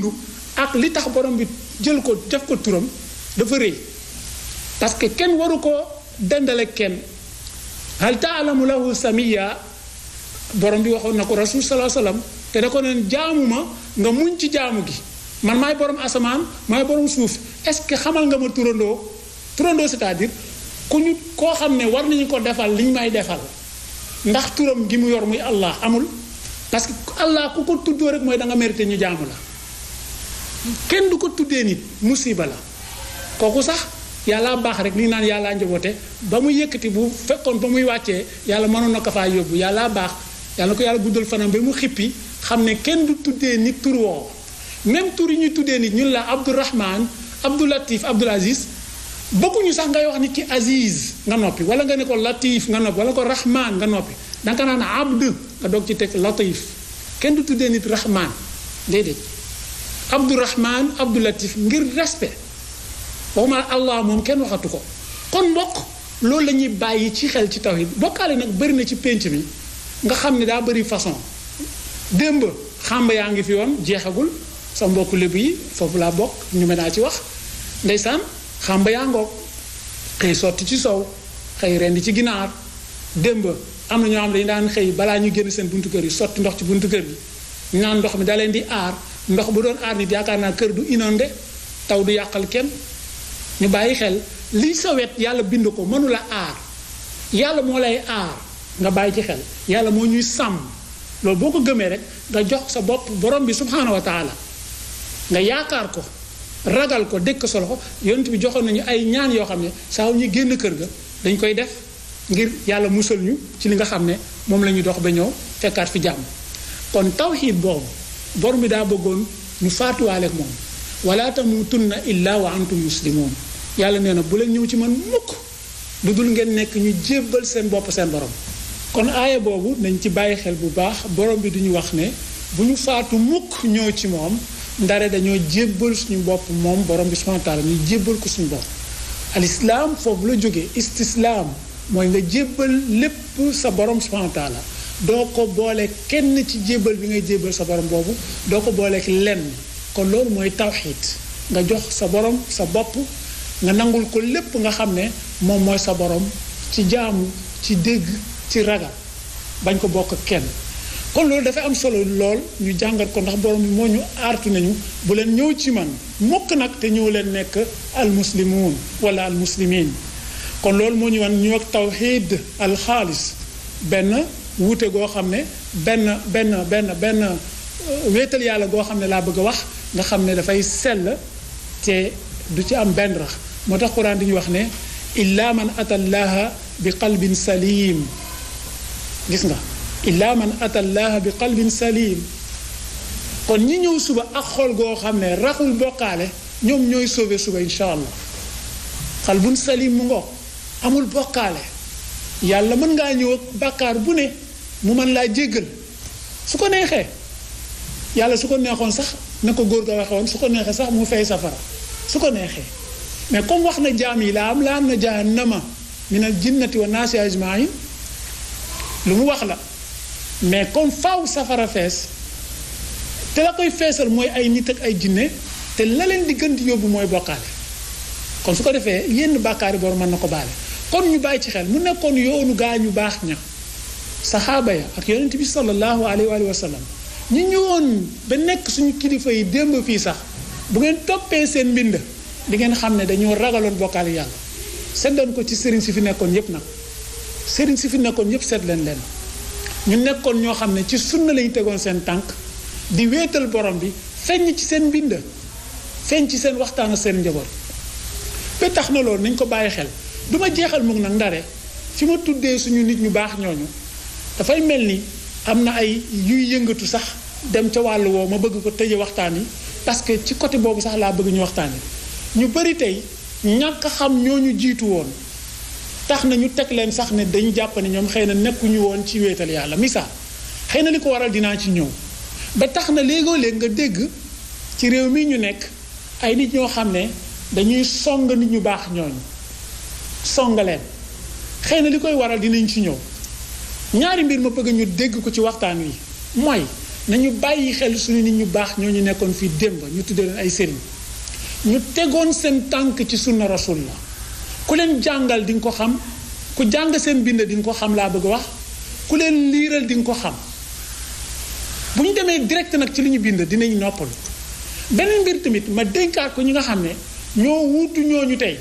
dund ak li tax borom bi jël ko def ko turam dafa rëy parce que kenn waru ko dendale kenn hal taalamu lahu samiya borom bi waxoon na ko rasul salaa salaam te da ko neen jaamu ma nga muñ ci jaamu gi man maay borom asamaan maay borom suuf est-ce que xamal nga ma turandoo turandoo cest à ku ñu koo xam ne war nañu ko defal li ñu may defal ndax turam gi mu yor muy allah amul parce que allah ku ko tuddoo rek mooy da nga mérité ñu jaamu la kenn du ko tuddee nit musiba la kooku sax yàlla baax rek li naan yàllaa njaboote ba mu yëkkati bu fekkoon ba muy wàccee yàlla mënoon na ko faa yóbbu yàlla baax yàlla ko yàlla guddal fanam bi mu xippi xam ne kenn du tuddee nit tur woowu même tur yi ñuy tuddee nit ñun la Abdourahman Abdoulatif Abdoulaziz bëgguñu sax ngay wax nit ci Aziz nga noppi wala nga ne ko Latif nga noppi wala ko Rahman nga noppi danga naan abd nga doog ci teg Latif kenn du tuddee nit Rahman déedéet. abdourahman abdoulatif ngir respect waxuma allah moom kenn waxatu ko kon mbokk loolu lañuy bàyyi ci xel ci tawhid bokkaale nag bari na ci pénc mi nga xam ne daa bëri façon démb xamba yaa ngi fi woon jeexagul sa mbokk lébu yi foofu laa bokk ñu mën naa ci wax ndeysaan xamba yaa ngoog xëy sotti ci sow xëy rendi ci ginaar démb am na ñoo xam ne dañu daan xëy balaa ñu génn seen buntu kër yi sotti ndox ci buntu kër bi naan ndox mi da leen di aar ndox bu doon aar nit yaakaar naa kër du inondé taw du yàqal kenn ñu bàyyi xel li sa wet yàlla bind ko mënula aar yàlla moo lay aar nga bàyyi ci xel yàlla moo ñuy sàmm loolu boo ko gëmee rek nga jox sa bopp borom bi subhaanahu wa taala nga yaakaar ko ragal ko dëkk solo ko yoont bi joxoon nañu ay ñaan yoo xam ne saa wu ñuy génn kër ga dañ koy def ngir yàlla musal ñu ci li nga xam ne moom la ñuy dox ba ñëw fekkaat fi jàmm kon taw xiit boobu bor mi daa bëggoon ñu faatuwaale ak moom wala na illaa wa antum muslimoon yàlla nee na bu leen ñëw ci man mukk lu dul ngeen nekk ñu jébbal seen bopp seen borom kon aaya boobu nañ ci bàyyi xel bu baax borom bi duñu wax ne bu ñu faatu mukk ñëw ci moom ndare dañoo jébbal suñu bopp moom borom bi subhanahu wa ñuy jébbal ko suñu bopp al islaam foofu la jóge istislaam mooy nga jébbal lépp sa borom subhanahu wa doo ko booleeg kenn ci jébal bi ngay jébbal sa borom boobu doo ko booleeg lenn kon loolu mooy tawxiit nga jox sa borom sa bopp nga nangul ko lépp nga xam ne moom mooy sa borom ci jaamu ci dégg ci ragal bañ ko bokk kenn kon loolu dafay am solo lool ñu jàngat ko ndax borom bi moo ñu aartu nañu bu leen ñëw ci man mukk nag te ñëw leen nekk almuslimuun wala almuslimiin kon loolu moo ñu wan ñu ak tawxiid alxaalis benn wuute goo xam ne benn benn benn benn euh, wéetal yàlla goo xam ne laa bëgg a wax nga xam ne dafay sell te du ci am benn rax moo tax quran di ñu wax ne illa man atallaha bi qalbin salim gis nga illa man atallaha bi qalbin salim kon ñi ñëw suba ak xol goo xam ne raxul bokkaale ñoom ñooy sauvé suba incha qalbun salim mu ngoog amul bokkaale yàlla mën ngaa ñëw bàkkaar bu ne mu man laa jéggal su ko neexee yàlla su ko neexoon sax na ko góor ga waxoon su ko neexee sax mu fay safara su ko neexee mais comme wax na jaam yi laa am laa am na jahannama min al jinnati wa naasi ajmain lu mu wax la mais comme faw safara fees te la koy feesal mooy ay nit ak ay jinne te la leen di gën yóbbu mooy bokkaale kon su ko defee yenn bàkkaari bor mën na ko baale kon ñu bàyyi ci xel mu nekkoon yoonu gaa ñu baax ña saxaaba ya ak yonent bi sallallahu alayhi wa sallam ñi ñëwoon ba nekk suñu kilifa yi démb fii sax bu ngeen toppee seen mbind di ngeen xam ne dañoo ragaloon bokkaal yàlla seddoon ko ci sëriñ si fi nekkoon yépp nag sëriñ si fi nekkoon yépp seet leen leen ñu nekkoon ñoo xam ne ci suñ na lañu tegoon seen tànk di wéetal borom bi feeñ ci seen mbind feeñ ci seen waxtaan ak seen njaboot ba tax na loolu nañ ko bàyyi xel duma jeexal mu nag ndare fi ma tuddee suñu nit ñu baax ñooñu dafay mel ni am na ay yuy yëngatu sax dem ca wàll woo ma bëgg ko tëje waxtaan yi parce que ci côté boobu sax laa bëgg ñu waxtaan yi ñu bëri tey ñàkk xam ñooñu jiitu woon tax na ñu teg leen sax ne dañu jàpp ne ñoom xëy na nekkuñu woon ci wéetal yàlla misaal xëy na li ko waral dinaa ci ñëw ba tax na léegoo léeg nga dégg ci réew mi ñu nekk ay nit ñoo xam ne dañuy song nit ñu baax ñooñu song leen xëy na li koy waral dinañ ci ñëw ñaari mbir ma bëgg ñu dégg ko ci waxtaan wi mooy nañu bàyyi xel suñu nit ñu baax ñoo ñu nekkoon fii démb ñu tuddee leen ay sëriñ ñu tegoon seen tànk ci sunna rasul la ku leen jàngal dinga ko xam ku jàng seen bind di ko xam laa bëgg wax ku leen liiral di ko xam bu ñu demee direct nag ci li ñu bind dinañu noppalu beneen mbir tamit ma dénkaat ko ñi nga xam ne ñoo wuutu ñooñu tey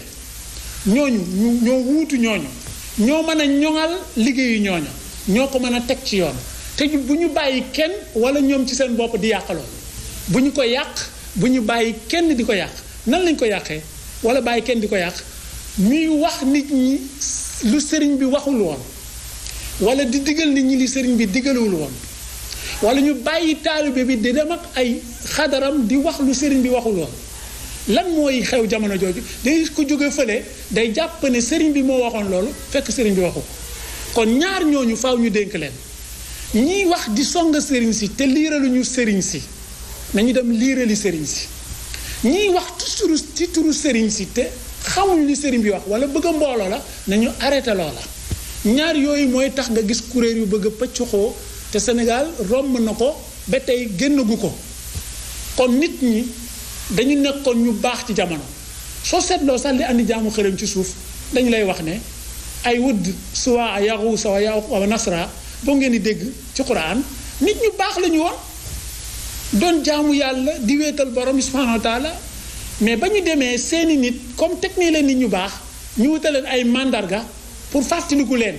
ñooñu ñoo wuutu ñooñu ñoo mën a ñoŋal liggéeyu ñooñu ñoo ko mën a teg ci yoon te bu ñu bàyyi kenn wala ñoom ci seen bopp di yàqaloon bu ñu ko yàq bu ñu bàyyi kenn di ko yàq nan lañ ko yàqee wala bàyyi kenn di ko yàq muy wax nit ñi lu sëriñ bi waxul woon wala di nit ñi li sëriñ bi digalul woon wala ñu bàyyi taalibe bi di dem ak ay xadaram di wax lu sëriñ bi waxul woon lan mooy xew jamono jooju day ko jóge fële day jàpp ne sëriñ bi moo waxoon loolu fekk sëriñ bi waxu kon ñaar ñooñu faw ñu dénk leen ñiy wax di song sëriñ si te liiraluñu sëriñ si nañu dem liirali sëriñ si ñiy wax toujours ci turu sëriñ si te xamuñ li sëriñ bi wax wala bëgg mbooloo la nañu arrêté loola ñaar yooyu mooy tax nga gis kuréel yu bëgg a pëccuxoo te Sénégal romb na ko ba tey génnagu ko kon nit ñi dañu nekkoon ñu baax ci jamono soo seetloo sax li andi jaamu xërëm ci suuf dañu lay wax ne ay wudd suwaa yaxuusa wa yaquuq wa nasra boo ngeen di dégg ci quran nit ñu baax la ñu woon doon jaamu yàlla di wéetal borom subhanahu wa taala mais ba ñu demee seeni nit comme teg nii leen nit ñu baax ñu wutaleen ay màndarga pour fàttaliku leen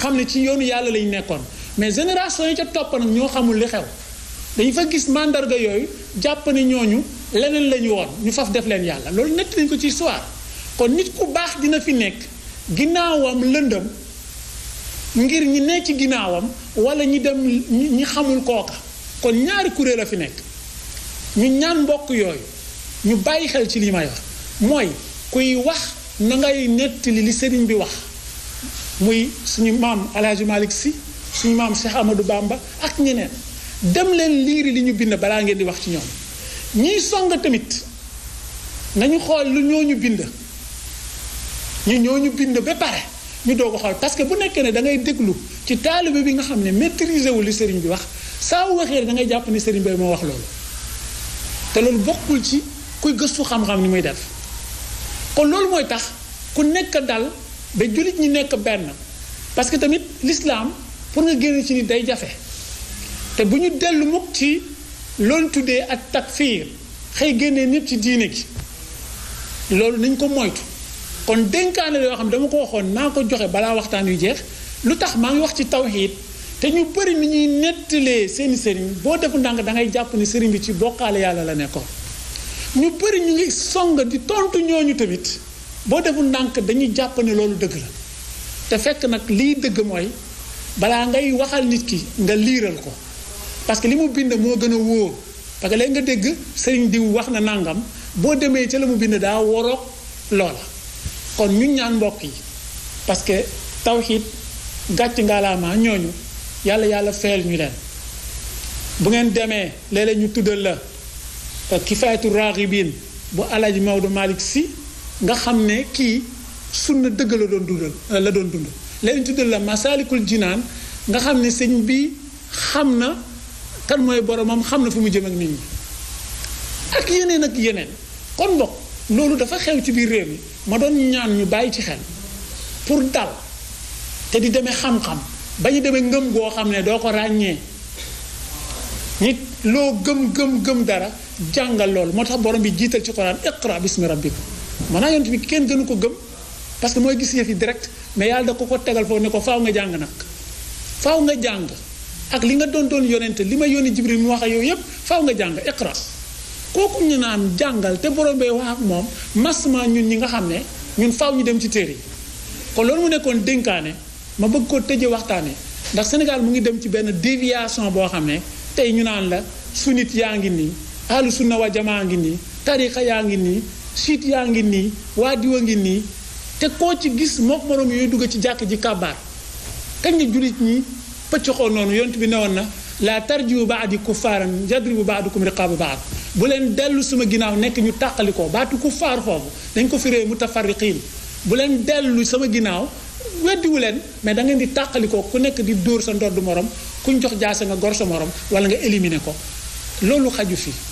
xam ne ci yoonu yàlla lañu nekkoon mais génération yi ca topp nag ñoo xamul li xew dañu fa gis màndarga yooyu jàpp ne ñooñu leneen la ñu woon ñu faf def leen yàlla loolu nett nañu ko ci histoire kon nit ku baax dina fi nekk ginnaawam lëndëm ngir ñi ne ci ginnaawam walla ñi dem ñi xamul kooka kon ñaari kuréel a fi nekk ñu ñaan mbokk yooyu ñu bàyyi xel ci li may wax mooy kuy wax nangay ngay li sëriñ bi wax muy suñu maam El Hadj Malick Sy suñu maam Cheikh Amadou Bamba ak ñeneen dem leen liiri li ñu bind balaa ngeen di wax ci ñoom ñiy song tamit nañu xool lu ñoo ñu bind. ñu ñoo ñu bind ba pare ñu doo a xool parce que bu nekkee ne da ngay déglu ci taalibe bi nga xam ne maîtriser wu li sëriñ bi wax saa waxee da ngay jàpp ne sëriñ bi moo wax loolu te loolu bokkul ci kuy gëstu xam-xam ni muy def kon loolu mooy tax ku nekk dal ba jullit ñi nekk benn parce que tamit l'islam pour nga génn ci nit day jafe te bu ñu dellu mukk ci loolu tuddee ak takfiir xëy génnee nit ci diine gi loolu nañ ko moytu kon dénkaane la yoo xam ne dama ko waxoon naa ko joxe balaa waxtaan yu jeex lu tax maa ngi wax ci tawxiid te ñu bëri ni ñuy nettalee seeni sëriñ boo defu ndànk da ngay jàpp ni sëriñ bi ci bokkaale yàlla la nekkoon ñu bëri ñu ngi song di tontu ñooñu tamit boo defu ndànk dañuy jàpp ne loolu dëgg la te fekk nag lii dëgg mooy balaa ngay waxal nit ki nga liiral ko parce que li mu bind moo gën a wóor parce que léegi nga dégg sëriñ diw wax na nàngam boo demee ca la mu bind daa woroog loola kon ñu ñaan mbokk yi parce que tawxiid gàcc ngalaama ñooñu yàlla yàlla feel ñu leen bu ngeen demee léeg-léeg ñu tuddal la kifaayatu raaxibiin bu alaji Maodo Malick si nga xam ne kii sunna dëgg la doon dundal euh, la doon dund léegi ñu tuddal la masaalikul jinaan nga xam ne sëñ bi xam na kan mooy boromam xam na fu mu jëm ak nit ñi ak yeneen ak yeneen kon mbokk loolu dafa xew ci biir réew mi ma doon ñaan ñu bàyyi ci xel pour dal te di demee xam-xam ba ñu demee ngëm goo xam ne doo ko ràññee nit loo gëm gëm gëm dara jàngal loolu moo tax borom bi jiital ci Quran iqra bismi rabbika maanaam yonent bi kenn gënu ko gëm parce que mooy gis yëf yi direct mais yàlla da ko ko tegal foofu ne ko faw nga jàng nag faw nga jàng ak li nga doon doon yonent li ma yónni Jibril mu wax ak yow yépp faaw nga jàng iqra kooku ñu naan jàngal te borom bee wax moom massement ñun ñi nga xam ne ñun faaw ñu dem ci téere yi kon loolu mu nekkoon dénkaane ma bëgg ko tëjee waxtaane ndax Sénégal mu ngi dem ci benn déviation boo xam ne tey ñu naan la sunnit yaa ngi nii ahlu sunna wa jamaa ngi nii tariqa yaa ngi nii siit yaa ngi nii waa diwa ngi nii te koo ci gis moo moroom yooyu dugg ci jàkk ji kàbbaar kañ nga jullit ñi pëcc noonu yont bi newoon na la tarjiu bu kuffaaran yadribu baadukum riqaaba baad bu leen dellu sama ginnaaw nekk ñu tàqalikoo baatu ku faar foofu dañ ko firee mutafarriqiin bu leen dellu sama ginnaaw weddiwu leen mais da ngeen di tàqalikoo ku nekk di dóor sa ndodd morom kuñ jox jaase nga gor sa morom wala nga éliminer ko loolu xaju fi